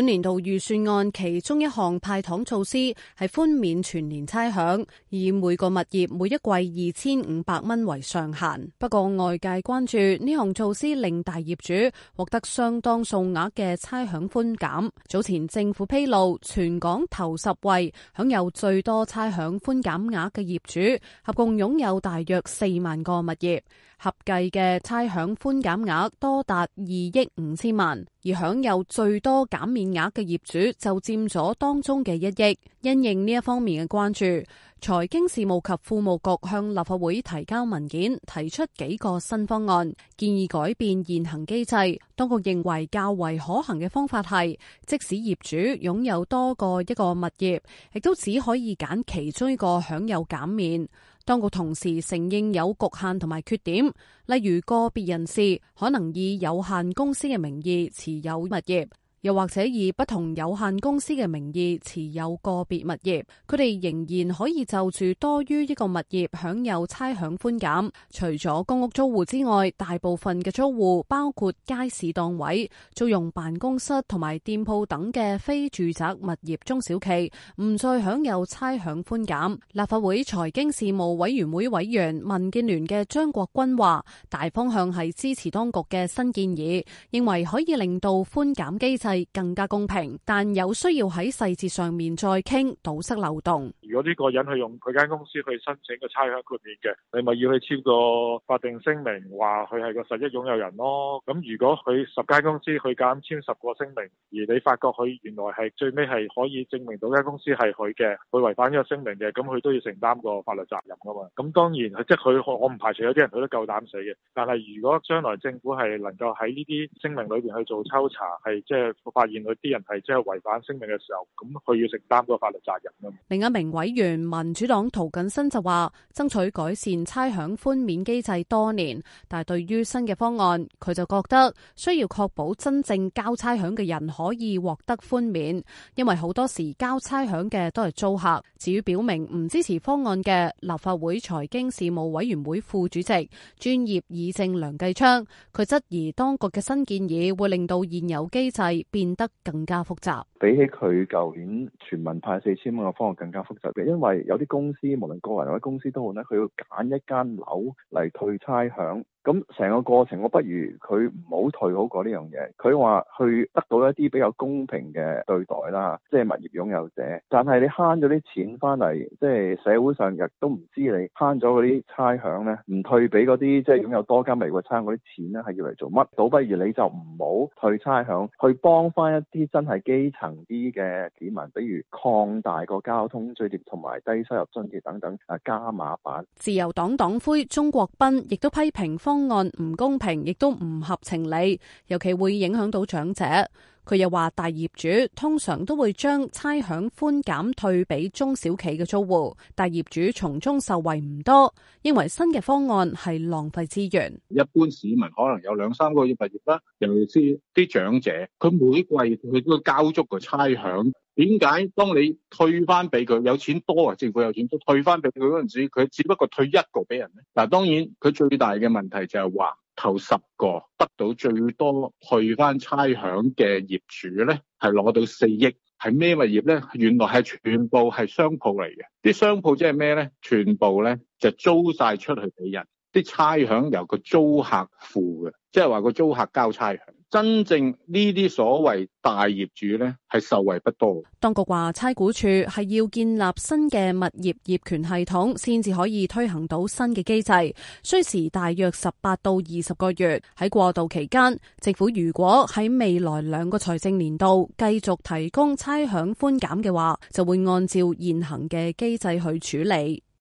本年度預算案其中一項派糖措施係寬免全年差餉，以每個物業每一季二千五百蚊為上限。不過外界關注呢項措施令大業主獲得相當數額嘅差餉寬減。早前政府披露，全港頭十位享有最多差餉寬減額嘅業主，合共擁有大約四萬個物業。合計嘅差餉寬減額多達二億五千萬，而享有最多減免額嘅業主就佔咗當中嘅一億。因應呢一方面嘅關注，財經事務及庫務局向立法會提交文件，提出幾個新方案，建議改變現行機制。當局認為較為可行嘅方法係，即使業主擁有多過一個物業，亦都只可以揀其中一個享有減免。當局同時承認有局限同埋缺點，例如個別人士可能以有限公司嘅名義持有物業。又或者以不同有限公司嘅名義持有個別物業，佢哋仍然可以就住多於一個物業享有差餉寬減。除咗公屋租戶之外，大部分嘅租戶，包括街市檔位、租用辦公室同埋店鋪等嘅非住宅物業中小企，唔再享有差餉寬減。立法會財經事務委員會委員民建聯嘅張國鈞話：大方向係支持當局嘅新建議，認為可以令到寬減機制。更加公平，但有需要喺細節上面再傾，堵塞漏洞。如果呢個人去用佢間公司去申請個差餉豁免嘅，你咪要去簽個法定聲明，話佢係個實益擁有人咯。咁如果佢十間公司去敢簽十個聲明，而你發覺佢原來係最尾係可以證明到間公司係佢嘅，佢違反呢個聲明嘅，咁佢都要承擔個法律責任噶嘛。咁當然，即係佢我唔排除有啲人佢都夠膽死嘅。但係如果將來政府係能夠喺呢啲聲明裏邊去做抽查，係即係。我發現佢啲人係即係違反聲明嘅時候，咁佢要承擔個法律責任。另一名委員民主黨涂謹申就話，爭取改善差餉寬免機制多年，但係對於新嘅方案，佢就覺得需要確保真正交差餉嘅人可以獲得寬免，因為好多時交差餉嘅都係租客。至於表明唔支持方案嘅立法會財經事務委員會副主席專業議政梁繼昌，佢質疑當局嘅新建議會令到現有機制變得更加複雜，比起佢舊年全民派四千蚊嘅方案更加複雜嘅，因為有啲公司，無論個人或者公司都好咧，佢要揀一間樓嚟退差餉。咁成、嗯、個過程，我不如佢唔好退好過呢樣嘢。佢話去得到一啲比較公平嘅對待啦，即係物業擁有者。但係你慳咗啲錢翻嚟，即係社會上亦都唔知你慳咗嗰啲差餉咧，唔退俾嗰啲即係擁有多間美國差餉嗰啲錢咧，係要嚟做乜？倒不如你就唔好退差餉，去幫翻一啲真係基層啲嘅市民，比如擴大個交通津貼同埋低收入津貼等等啊，加碼版。自由黨黨魁鍾國斌亦都批評。方案唔公平，亦都唔合情理，尤其會影響到長者。佢又話：大業主通常都會將差餉寬減退俾中小企嘅租戶，大業主從中受惠唔多，認為新嘅方案係浪費資源。一般市民可能有兩三個月入業啦，尤其是啲長者，佢每季佢都交足個差餉。點解當你退翻俾佢有錢多啊？政府有錢多，退翻俾佢嗰陣時，佢只不過退一個俾人咧。嗱，當然佢最大嘅問題就係話投十個。到最多去翻差餉嘅業主咧，係攞到四億。係咩物業咧？原來係全部係商鋪嚟嘅，啲商鋪即係咩咧？全部咧就租晒出去俾人，啲差餉由個租客付嘅，即係話個租客交差餉。真正呢啲所謂大業主咧，係受惠不多。當局話，差估處係要建立新嘅物業業權系統，先至可以推行到新嘅機制，需時大約十八到二十個月。喺過渡期間，政府如果喺未來兩個財政年度繼續提供差餉寬減嘅話，就會按照現行嘅機制去處理。